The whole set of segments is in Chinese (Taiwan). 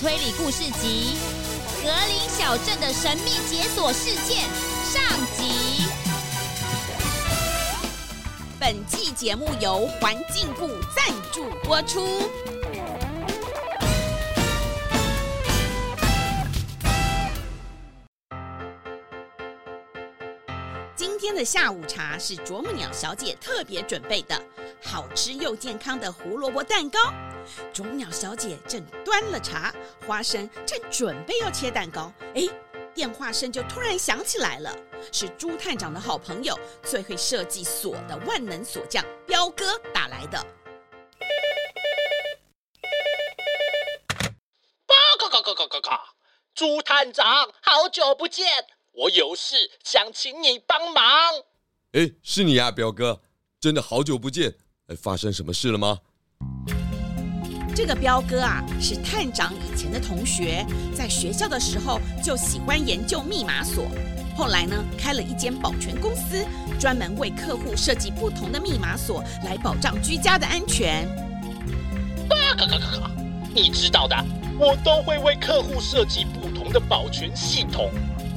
推理故事集《格林小鎮的神秘解鎖事件》上集。本季節目由環境部贊助播出。今天的下午茶是啄木鳥小姐特別準備的，好吃又健康的胡蘿蔔蛋糕。啄木鳥小姐正端了茶，花生正準備要切蛋糕，哎，電話聲就突然響起來了，是豬探長的好朋友、最會設計鎖的萬能鎖匠飆哥打來的。呱咔咔咔咔咔咔！豬探長，好久不見，我有事想請你幫忙。哎，是你啊，飆哥，真的好久不見，哎，發生什麼事了嗎？這個飆哥啊，是探長以前的同學，在學校的時候就喜歡研究密碼鎖，後來呢，開了一間保全公司，專門為客戶設計不同的密碼鎖，來保障居家的安全。嘎嘎嘎嘎，你知道的，我都會為客戶設計不同的保全系統，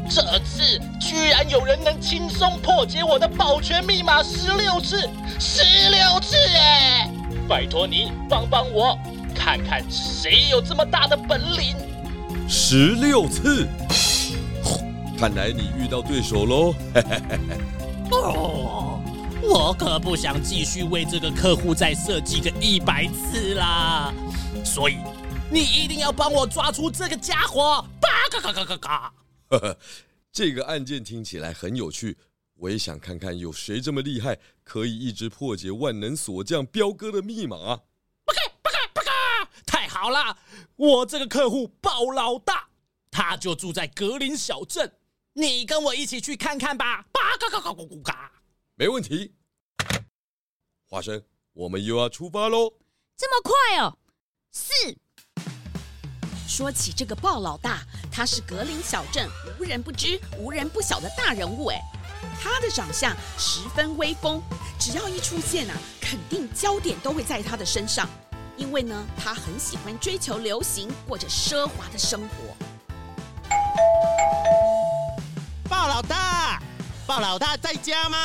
這次居然有人能輕鬆破解我的保全密碼十六次，十六次哎！拜託你幫幫我。看看誰有這麼大的本領！十六次，看來你遇到對手嘍。哦，我可不想繼續為這個客戶再設計個一百次啦。所以，你一定要幫我抓出這個家伙！嘎嘎嘎嘎嘎嘎！呵呵，這個案件聽起來很有趣，我也想看看有誰這麼厲害，可以一直破解萬能鎖匠飆哥的密碼啊。好啦，我這個客戶豹老大，他就住在格林小鎮，你跟我一起去看看吧。嘎嘎嘎嘎嘎嘎，沒問題。花生，我們又要出發嘍！這麼快哦？是。說起這個豹老大，他是格林小鎮無人不知、無人不曉的大人物哎。他的長相十分威風，只要一出現啊，肯定焦點都會在他的身上。因為呢，他很喜歡追求流行，過着奢華的生活。豹老大，豹老大在家嗎？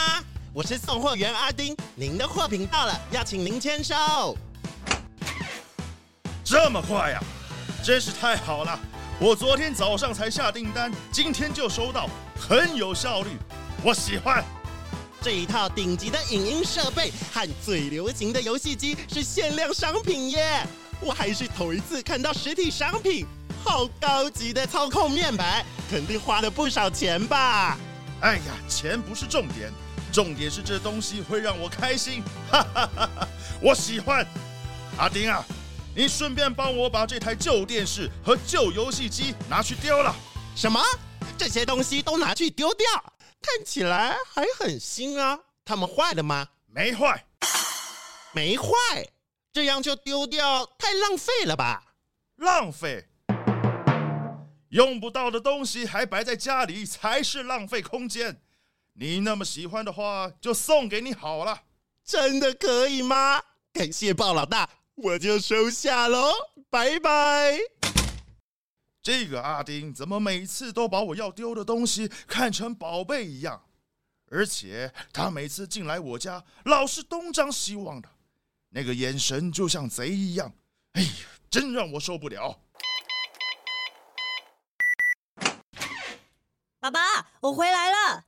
我是送貨員阿丁，您的貨品到了，要請您簽收。這麼快呀，啊，真是太好了！我昨天早上才下訂單，今天就收到，很有效率，我喜歡。這一套頂級的影音設備和最流行的遊戲機是限量商品耶！我還是頭一次看到實體商品，好高級的操控面板，肯定花了不少錢吧？哎呀，錢不是重點，重點是這東西會讓我開心，哈哈哈哈！我喜歡。阿丁啊，你順便幫我把這台舊電視和舊遊戲機拿去丟了。什麼？這些東西都拿去丟掉？看起來還很新啊，它們壞了嗎？沒壞，沒壞，這樣就丟掉太浪費了吧？浪費，用不到的東西還擺在家裡才是浪費空間。你那麼喜歡的話，就送給你好了。真的可以嗎？感謝豹老大，我就收下嘍，拜拜。這個阿丁怎麼每次都把我要丟的東西看成寶貝一樣？而且他每次進來我家，老是東張西望的，那個眼神就像賊一樣。哎呀，真讓我受不了！爸爸，我回來了。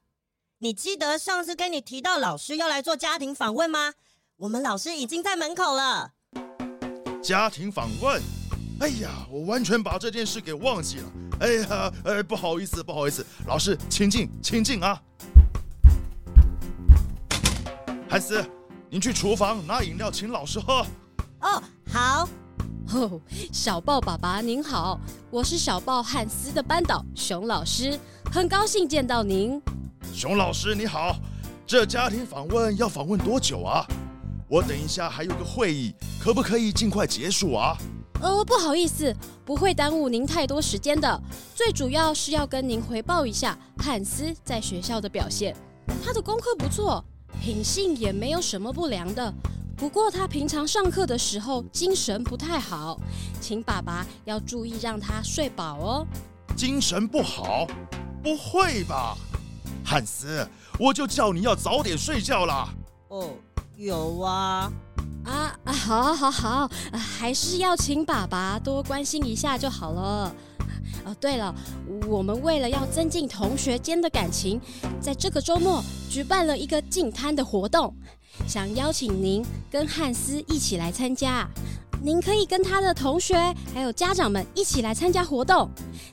你記得上次跟你提到老師要來做家庭訪問嗎？我們老師已經在門口了。家庭訪問？哎呀，我完全把這件事給忘記了。哎呀，哎，不好意思，不好意思，老師，請進，請進啊。漢斯， 您去廚房拿飲料，請老師喝。哦，oh, 好。吼，oh, 小豹爸爸您好，我是小豹漢斯的班導熊老師，很高興見到您。熊老師你好，這家庭訪問要訪問多久啊？我等一下還有個會議，可不可以盡快結束啊？哦，不好意思，不會耽誤您太多時間的。最主要是要跟您回報一下漢斯在學校的表現，他的功課不錯，品性也沒有什麼不良的。不過他平常上課的時候精神不太好，請爸爸要注意讓他睡飽哦。精神不好？不會吧，漢斯，我就叫你要早點睡覺啦。哦。有啊，啊啊，好，好，好，好。啊，還是要請爸爸多關心一下就好了。哦、啊，對了，我們為了要增進同學間的感情，在這個周末舉辦了一個淨攤的活動，想邀請您跟漢斯一起來參加。您可以跟他的同學還有家長們一起來參加活動，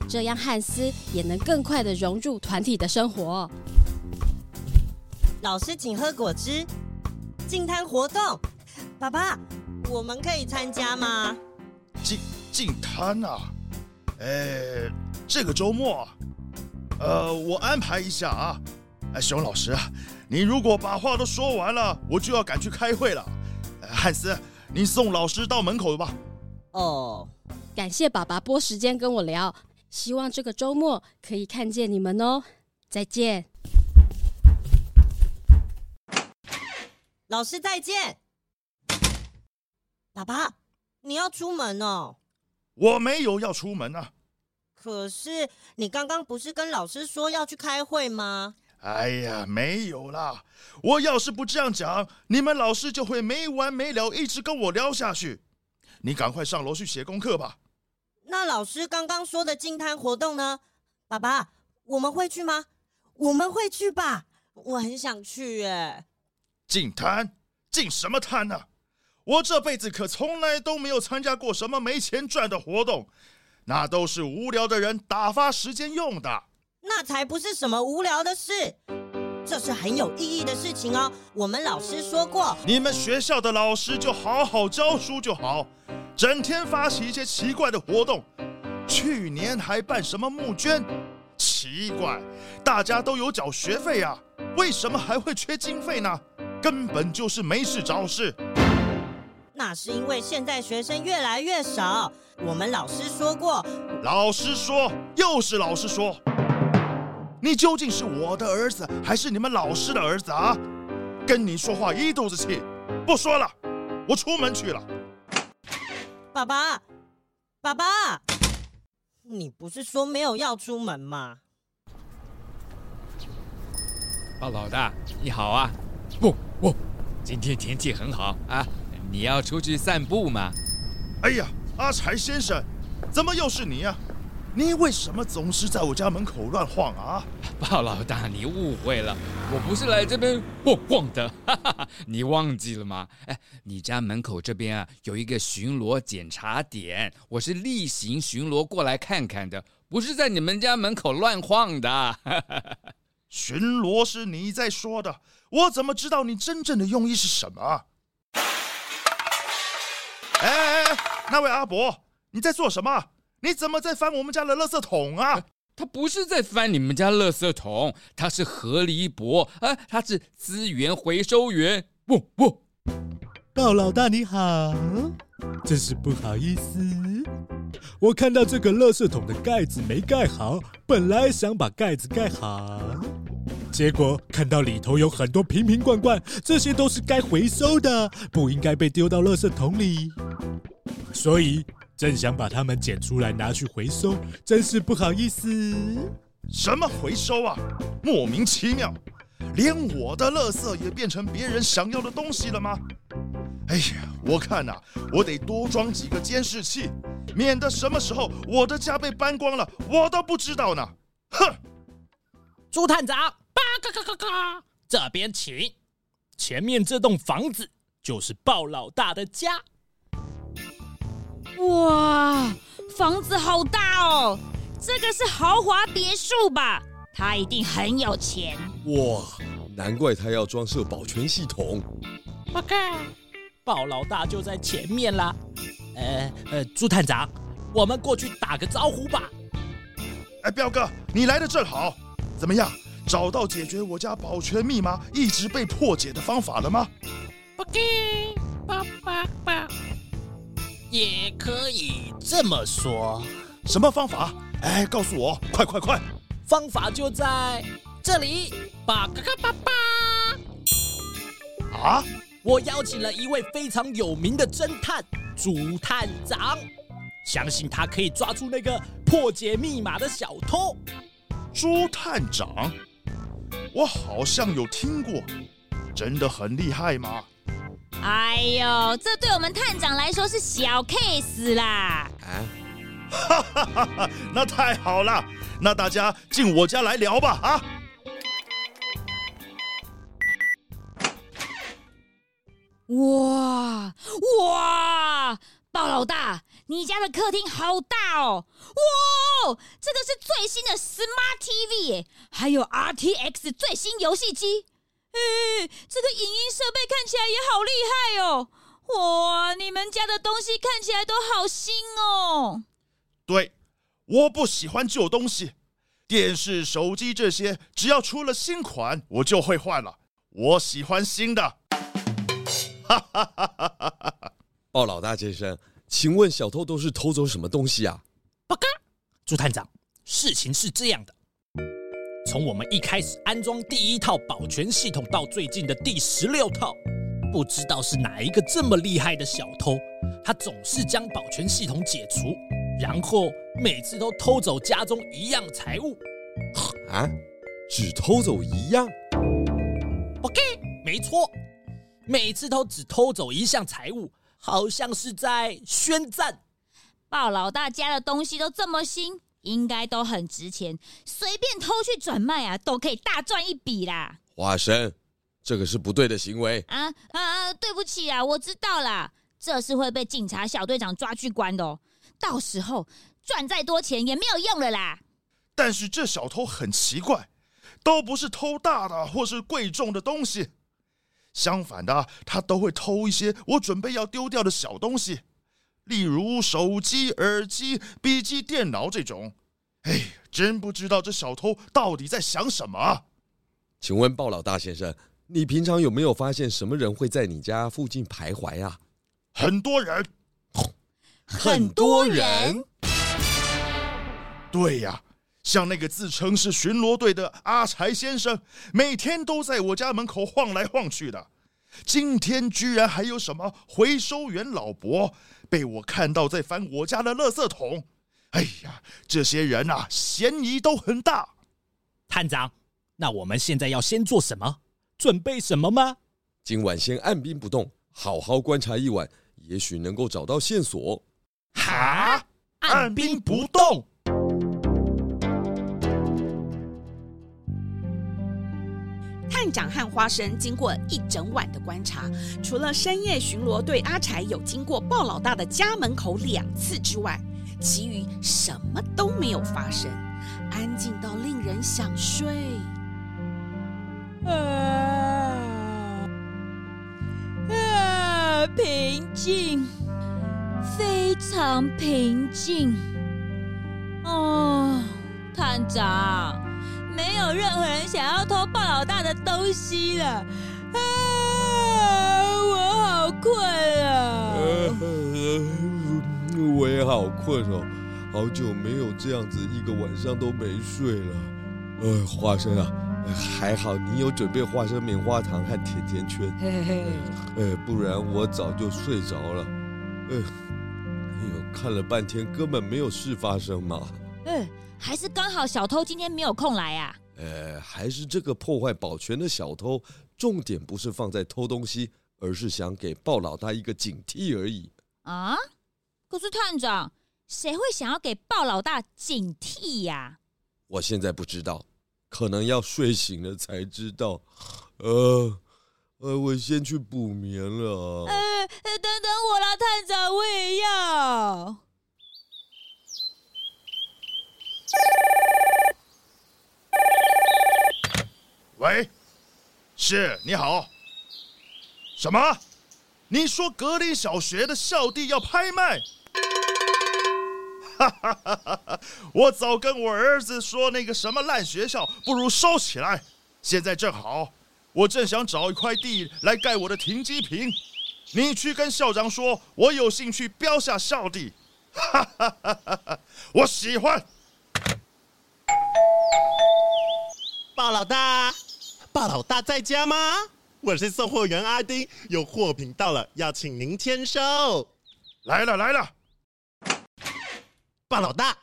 這樣漢斯也能更快的融入團體的生活。老師，請喝果汁。淨灘活動，爸爸，我們可以參加嗎？淨淨灘啊？誒，這個周末，呃，我安排一下啊。哎，熊老師，你如果把話都說完了，我就要趕去開會了。漢斯，你送老師到門口吧。哦，感謝爸爸撥時間跟我聊，希望這個周末可以看見你們哦。再見。老師再見。爸爸，你要出門哦？我沒有要出門啊。可是你剛剛不是跟老師說要去開會嗎？哎呀，沒有啦！我要是不這樣講，你們老師就會沒完沒了一直跟我聊下去。你趕快上樓去寫功課吧。那老師剛剛說的淨灘活動呢？爸爸，我們會去嗎？我們會去吧，我很想去耶、欸。淨灘，淨什麼灘呢？啊，我這輩子可從來都沒有參加過什麼沒錢賺的活動，那都是無聊的人打發時間用的。那才不是什麼無聊的事，這是很有意義的事情哦。我們老師說過，你們學校的老師就好好教書就好，整天發起一些奇怪的活動。去年還辦什麼募捐，奇怪，大家都有繳學費啊，為什麼還會缺經費呢？根本就是沒事找事。那是因為現在學生越來越少。我們老師說過，老師說，又是老師說。你究竟是我的兒子，還是你們老師的兒子啊？跟你說話一肚子氣，不說了，我出門去了。爸爸，爸爸，你不是說沒有要出門嗎？啊，老大，你好啊。不不，今天天氣很好啊，你要出去散步嗎？哎呀，阿柴先生，怎麼又是你呀、啊？你為什麼總是在我家門口亂晃啊？豹老大，你誤會了，我不是來這邊逛逛、哦、的哈哈。你忘記了嗎？哎，你家門口這邊啊，有一個巡邏檢查點，我是例行巡邏過來看看的，不是在你們家門口亂晃的。哈哈哈哈。巡邏是你在說的。我怎麼知道你真正的用意是什麼？哎哎哎，那位阿伯，你在做什麼？你怎麼在翻我們家的垃圾桶啊？他不是在翻你們家垃圾桶，他是河狸伯。哎、啊，他是資源回收員。喔、哦、喔，豹、哦、老，老大你好，真是不好意思，我看到這個垃圾桶的蓋子沒蓋好，本來想把蓋子蓋好。結果看到裡頭有很多瓶瓶罐罐，這些都是該回收的，不應該被丟到垃圾桶裡。所以正想把它們撿出來拿去回收，真是不好意思。什麼回收啊？莫名其妙，連我的垃圾也變成別人想要的東西了嗎？哎呀，我看吶、啊，我得多裝幾個監視器，免得什麼時候我的家被搬光了，我都不知道呢。哼，豬探長。嘎嘎嘎嘎！這邊請。前面這棟房子就是豹老大的家。哇，房子好大哦！這個是豪華別墅吧？他一定很有錢。哇，難怪他要裝設保全系統。報告，豹老大就在前面啦。呃呃，豬探長，我們過去打個招呼吧。哎，飆哥，你來得正好。怎麼樣？找到解決我家保全密碼一直被破解的方法了嗎？不可以。爸爸爸，也可以這麼說。什麼方法？哎、欸，告訴我，快快快！方法就在這裡，爸爸爸。啊！我邀請了一位非常有名的偵探，豬探長，相信他可以抓住那個破解密碼的小偷。豬探長。我好像有聽過，真的很厲害嗎？哎呦，這對我們探長來說是小 case 啦！啊，哈哈哈哈，那太好了，那大家進我家來聊吧啊！哇哇，豹老大，你家的客廳好大哦！哇。哦，這個是最新的 Smart TV 耶，還有 RTX 最新遊戲機。哎，嗯，這個影音設備看起來也好厲害哦。哇，你們家的東西看起來都好新哦。對，我不喜歡舊東西，電視、手機這些，只要出了新款，我就會換了。我喜歡新的。哈哈哈哈哈哈！哦，老大先生，請問小偷都是偷走什麼東西啊？不幹。豬探長，事情是這樣的：從我們一開始安裝第一套保全系統到最近的第十六套，不知道是哪一個這麼厲害的小偷，他總是將保全系統解除，然後每次都偷走家中一樣財物。啊？只偷走一樣？OK，沒錯，每次都只偷走一項財物，好像是在宣戰。豹老大家的東西都這麼新，應該都很值錢，隨便偷去轉賣啊，都可以大賺一筆啦。花生，這個是不對的行為啊！啊，對不起啊，我知道啦，這是會被警察小隊長抓去關的哦，到時候賺再多錢也沒有用了啦。但是這小偷很奇怪，都不是偷大的或是貴重的東西，相反的，他都會偷一些我準備要丟掉的小東西。例如手機、耳機、筆記電腦這種，哎，真不知道這小偷到底在想什麼。請問豹老大先生，你平常有沒有發現什麼人會在你家附近徘徊啊？很多人，很多人。對呀，啊，像那個自稱是巡邏隊的阿柴先生，每天都在我家門口晃來晃去的。今天居然還有什麼回收員老伯被我看到在翻我家的垃圾桶。哎呀，這些人啊，嫌疑都很大。探長，那我們現在要先做什麼？準備什麼嗎？今晚先按兵不動，好好觀察一晚，也許能夠找到線索。哈？按兵不動？探長和花生經過一整晚的觀察，除了深夜巡邏隊阿柴有經過豹老大的家門口兩次之外，其餘什麼都沒有發生，安靜到令人想睡。啊、呃呃、平靜，非常平靜。哦，探長，沒有任何人想要偷的東西了啊！我好睏啊！我也好睏哦，好久沒有這樣子一個晚上都沒睡了。哎，花生啊，還好你有準備花生棉花糖和甜甜圈，哎，不然我早就睡着了。哎，哎呦，看了半天根本沒有事發生嘛。嗯，還是剛好小偷今天沒有空來啊。呃，還是這個破壞保全的小偷，重點不是放在偷東西，而是想給豹老大一個警惕而已。啊！可是探長，誰會想要給豹老大警惕呀、啊？我現在不知道，可能要睡醒了才知道。呃，呃，我先去補眠了、啊呃。呃，等等我啦，探長，我也要。喂，是，你好。什麼？你說格林小學的校地要拍賣？哈哈哈哈哈！我早跟我兒子說，那個什麼爛學校不如收起來。現在正好，我正想找一塊地來蓋我的停機坪。你去跟校長說，我有興趣標下校地。哈哈哈哈哈！我喜歡。豹老大。豹老大在家嗎？我是送貨員阿丁，有貨品到了，要請您簽收。來了來了，豹老大，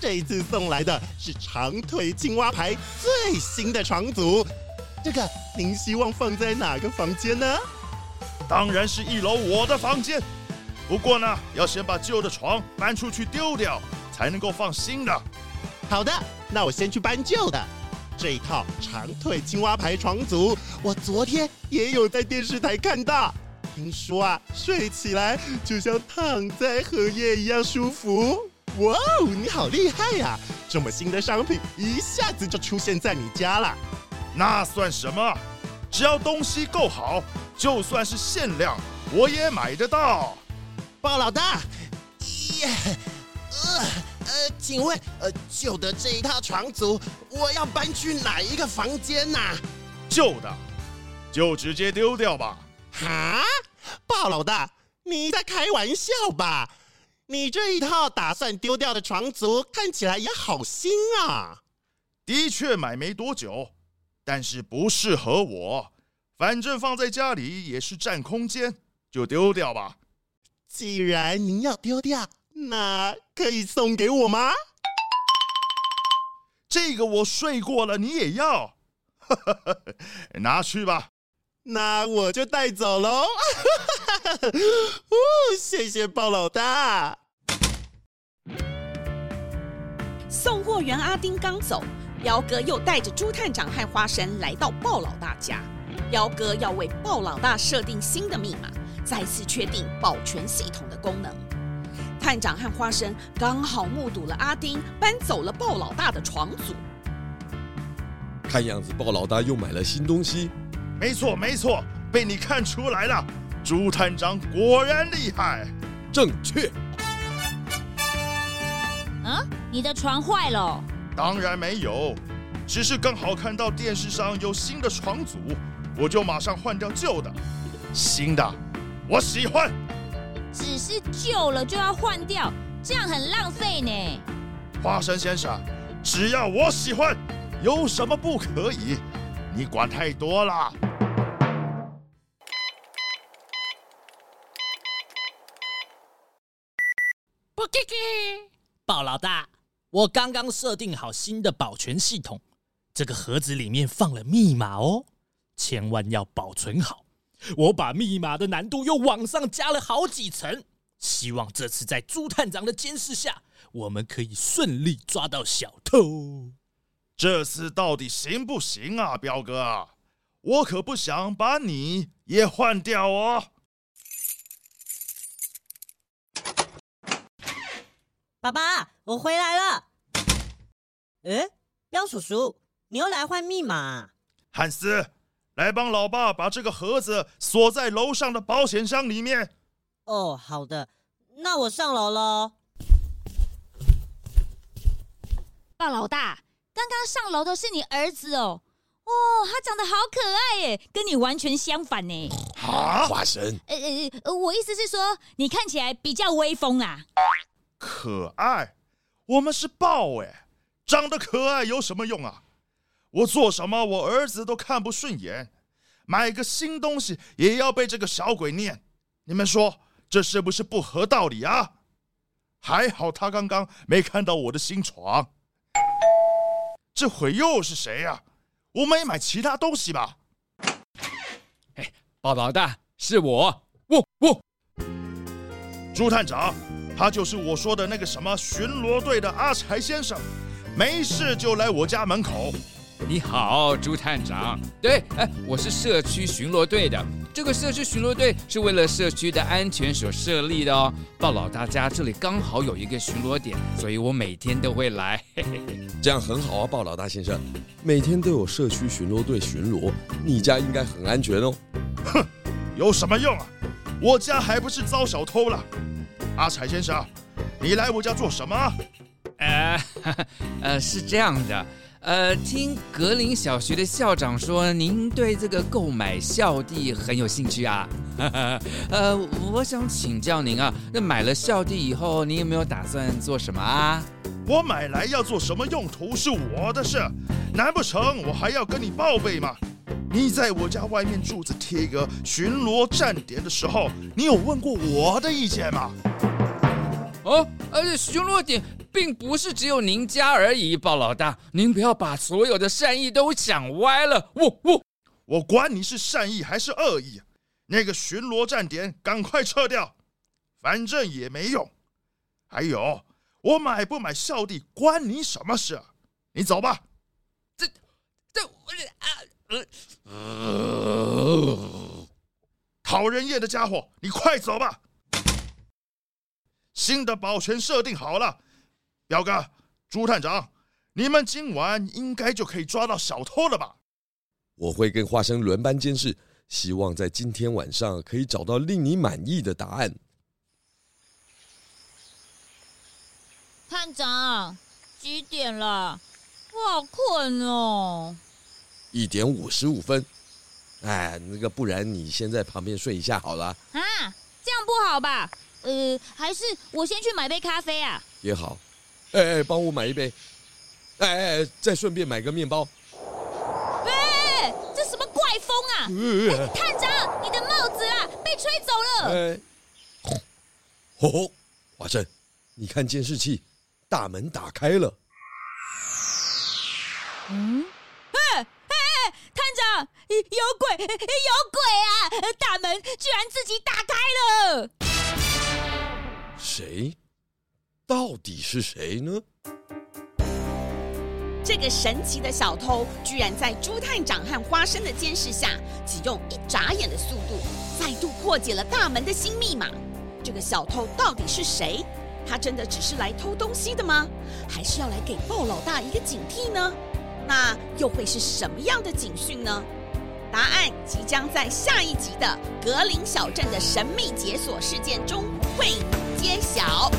這一次送來的是長腿青蛙牌最新的床組，這個您希望放在哪個房間呢？當然是一樓我的房間。不過呢，要先把舊的床搬出去丟掉，才能夠放新的。好的，那我先去搬舊的。這一套長腿青蛙牌床組，我昨天也有在電視台看到。聽說啊，睡起來就像躺在荷葉一樣舒服。哇哦，你好厲害呀、啊！這麼新的商品一下子就出現在你家了，那算什麼？只要東西夠好，就算是限量，我也買得到。豹老大。Yeah! 呃呃，請問呃，舊的這一套床組，我要搬去哪一個房間吶、啊？舊的，就直接丟掉吧。哈，豹老大，你在開玩笑吧？你這一套打算丟掉的床組，看起來也好新啊。的確買沒多久，但是不適合我，反正放在家裡也是佔空間，就丟掉吧。既然您要丟掉。那可以送給我嗎？這個我睡過了，你也要？ 拿去吧。那我就帶走嘍。 哦，謝謝豹老大。送貨員阿丁剛走，飆哥又帶着豬探長和花生來到豹老大家。飆哥要為豹老大設定新的密碼，再次確定保全系統的功能。探長和花生剛好目睹了阿丁搬走了豹老大的床組，看樣子豹老大又買了新東西。沒錯，沒錯，被你看出來了，豬探長果然厲害。正確。嗯、啊，你的床壞了？當然沒有，只是剛好看到電視上有新的床組，我就馬上換掉舊的，新的，我喜歡。只是舊了就要換掉，這樣很浪費呢。花生先生，只要我喜歡，有什麼不可以？你管太多了。不給給！豹老大，我剛剛設定好新的保全系統，這個盒子裡面放了密碼哦，千萬要保存好。我把密碼的難度又往上加了好幾層，希望這次在朱探長的監視下，我們可以順利抓到小偷。這次到底行不行啊，彪哥啊，我可不想把你也換掉哦。爸爸，我回來了。哎，欸？彪叔叔，你要來換密碼？漢斯。來幫老爸把這個盒子鎖在樓上的保險箱裡面。哦，好的，那我上樓嘍。豹老大，剛剛上樓的是你兒子哦。哦，他長得好可愛耶，跟你完全相反呢。啊哈，化身神？呃呃呃，我意思是說，你看起來比較威風啊。可愛？我們是豹，哎，長得可愛有什麼用啊？我做什麼，我兒子都看不順眼，買個新東西也要被這個小鬼念。你們說這是不是不合道理啊？還好他剛剛沒看到我的新床。這回又是誰呀、啊？我沒買其他東西吧？嘿、哎，報告老大，是我，我我。豬探長，他就是我說的那個什麼巡邏隊的阿柴先生，沒事就來我家門口。你好，豬探長。對，哎，我是社區巡邏隊的。這個社區巡邏隊是為了社區的安全所設立的哦。豹老大家這裡剛好有一個巡邏點，所以我每天都會來。嘿嘿，這樣很好啊，豹老大先生，每天都有社區巡邏隊巡邏，你家應該很安全哦。哼，有什麼用啊？我家還不是遭小偷了。阿彩先生，你來我家做什麼？哎、呃，呃，是這樣的。呃，聽格林小學的校長說，您對這個購買校地很有興趣啊。 呃，我想請教您啊，那買了校地以後，您有沒有打算做什麼啊？我買來要做什麼用途是我的事，難不成我還要跟你報備嗎？你在我家外面柱子貼一個巡邏站點的時候，你有問過我的意見嗎？哦，而且巡邏點。並不是只有您家而已，豹老大，您不要把所有的善意都想歪了。哦哦、我我我管你是善意還是惡意，那個巡邏站點趕快撤掉，反正也沒用。還有，我買不買孝弟關你什麼事？你走吧。這這我啊呃，呃。Oh. 討人厭的傢伙，你快走吧。新的保全設定好了。飆哥，豬探長，你們今晚應該就可以抓到小偷了吧？我會跟花生輪班監視，希望在今天晚上可以找到令你滿意的答案。探長啊，幾點了？我好困哦。一點五十五分。哎，那個，不然你先在旁邊睡一下好了。啊，這樣不好吧？呃，還是我先去買杯咖啡啊。也好。哎哎，幫我買一杯，哎哎，哎，再順便買個麵包。喂、欸，這什麼怪風啊？哎、呃欸，探長，你的帽子啊，被吹走了。嚯嚯、欸，華生，你看監視器，大門打開了。嗯？哎、欸欸，探長，有鬼有鬼啊！大門居然自己打開了。誰？到底是誰呢？這個神奇的小偷居然在豬探長和花生的監視下，只用一眨眼的速度，再度破解了大門的新密碼，這個小偷到底是誰？他真的只是來偷東西的嗎？還是要來給豹老大一個警惕呢？那又會是什麼樣的警訊呢？答案即將在下一集的格林小鎮的神秘解鎖事件中為你揭曉。